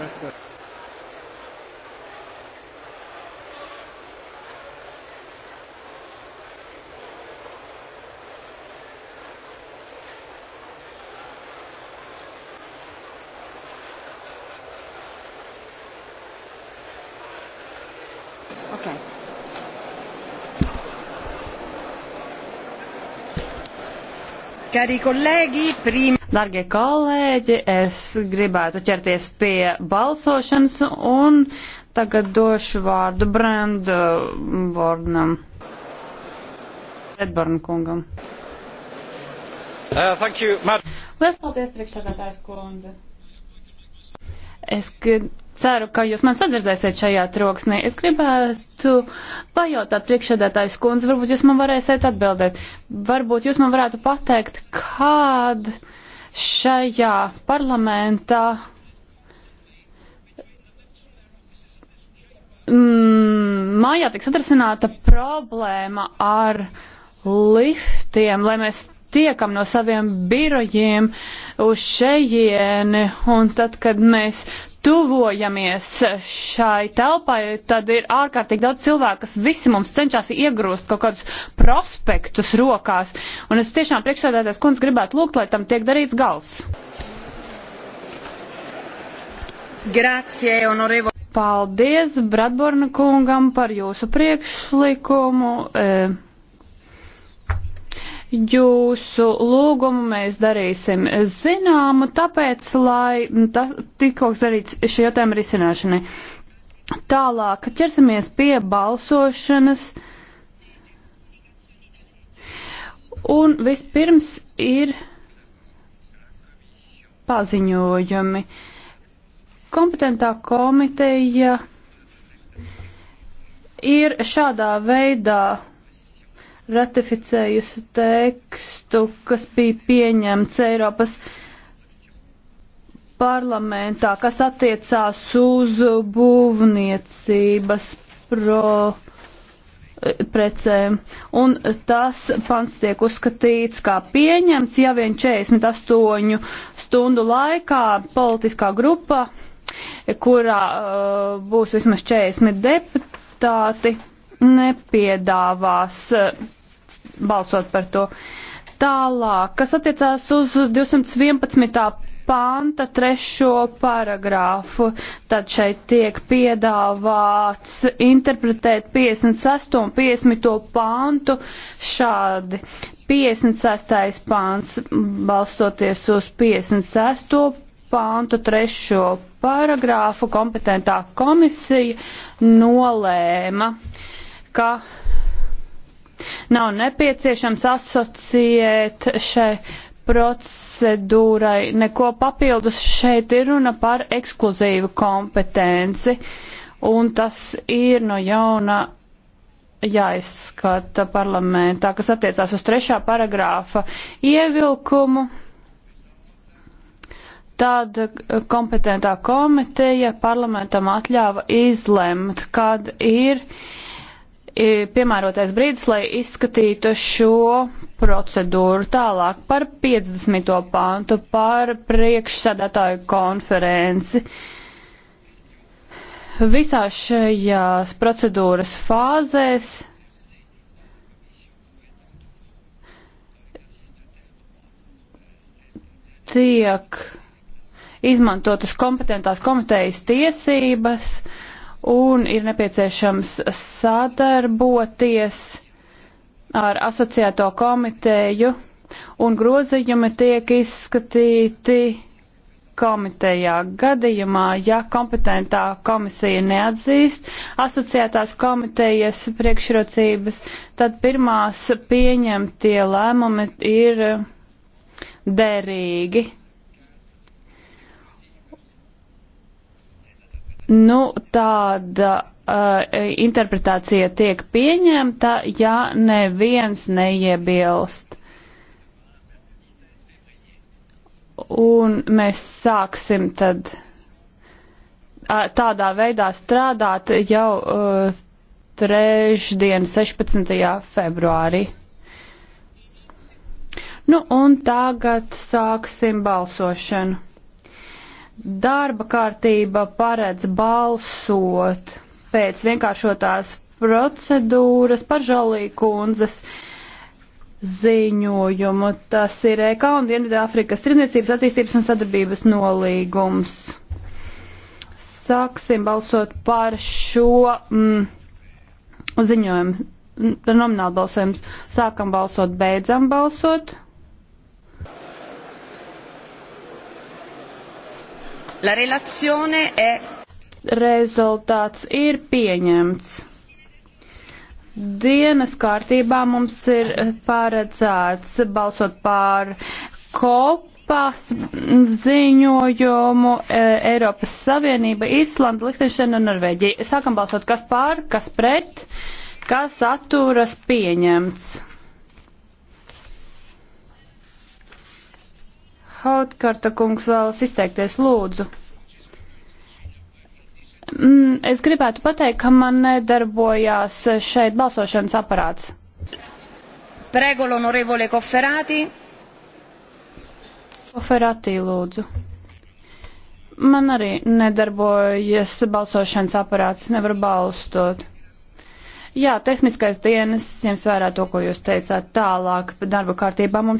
That's Okay. Prim... Dargie kolēģi, es gribētu ķerties pie balsošanas un tagad došu vārdu Brenda Bornam. Uh, Edborn kungam. Uh, thank you, Mad. Liels paldies, priekšsēdētājs kundze. Es ceru, ka jūs man sadzirdzēsiet šajā troksnī. Es gribētu pajautāt priekšsēdētājs kundze, varbūt jūs man varēsiet atbildēt. Varbūt jūs man varētu pateikt, kād šajā parlamentā. Mm, mājā tiks atrasināta problēma ar liftiem, lai mēs tiekam no saviem birojiem uz šejieni, un tad, kad mēs tuvojamies šai telpai, tad ir ārkārtīgi daudz cilvēku, kas visi mums cenšas iegrūst kaut kādus prospektus rokās. Un es tiešām priekšsēdētājs kundz gribētu lūgt, lai tam tiek darīts gals. Grazie, honorevo. Paldies Bradborna kungam par jūsu priekšlikumu. E Jūsu lūgumu mēs darīsim zināmu, tāpēc, lai tas tikko darīts šī jautājuma risināšanai. Tālāk ķersimies pie balsošanas. Un vispirms ir paziņojumi. Kompetentā komiteja ir šādā veidā ratificējusi tekstu, kas bija pieņemts Eiropas parlamentā, kas attiecās uz būvniecības pro precēm. Un tas pants tiek uzskatīts kā pieņemts, ja vien 48 stundu laikā politiskā grupa, kurā uh, būs vismaz 40 deputāti, nepiedāvās. Uh, balsot par to. Tālāk, kas attiecās uz 211 panta trešo paragrāfu. Tad šeit tiek piedāvāts interpretēt 56. un 50. pantu šādi. 56. pants balstoties uz 56. pantu trešo paragrāfu kompetentā komisija nolēma, ka Nav nepieciešams asociēt šai procedūrai neko papildus. Šeit ir runa par ekskluzīvu kompetenci, un tas ir no jauna jāizskata parlamentā, kas attiecās uz trešā paragrāfa ievilkumu. Tad kompetentā komiteja parlamentam atļāva izlemt, kad ir uh, piemērotais brīdis, lai izskatītu šo procedūru tālāk par 50. pantu, par priekšsēdētāju konferenci. Visās šajās procedūras fāzēs tiek izmantotas kompetentās komitejas tiesības un ir nepieciešams sadarboties ar asociēto komiteju, un grozījumi tiek izskatīti komitejā. Gadījumā, ja kompetentā komisija neatzīst asociētās komitejas priekšrocības, tad pirmās pieņemtie lēmumi ir derīgi. nu, tāda uh, interpretācija tiek pieņemta, ja neviens neiebilst. Un mēs sāksim tad uh, tādā veidā strādāt jau uh, trešdien, 16. februārī. Nu, un tagad sāksim balsošanu. Darba kārtība paredz balsot pēc vienkāršotās procedūras par Žalīku kundzes ziņojumu. Tas ir EK un Dienvidāfrikas Tirniecības attīstības un sadarbības nolīgums. Sāksim balsot par šo mm, ziņojumu. Nomināli balsojums. Sākam balsot, beidzam balsot. La relazione è. Rezultāts ir pieņemts. Dienas kārtībā mums ir paredzēts balsot pār kopas ziņojumu e, Eiropas Savienība, Islanda, Liechtensteina un Norvēģija. Sākam balsot, kas pār, kas pret, kas atturas pieņemts. Hautkarta kungs vēlas izteikties, lūdzu. Mm, es gribētu pateikt, ka man nedarbojās šeit balsošanas aparāts. Prego l'onorevole Cofferati. Cofferati, lūdzu. Man arī nedarbojas balsošanas aparāts, nevar balstot. Jā, tehniskais dienas, ņems vērā to, ko jūs teicāt tālāk, bet darba kārtībā mums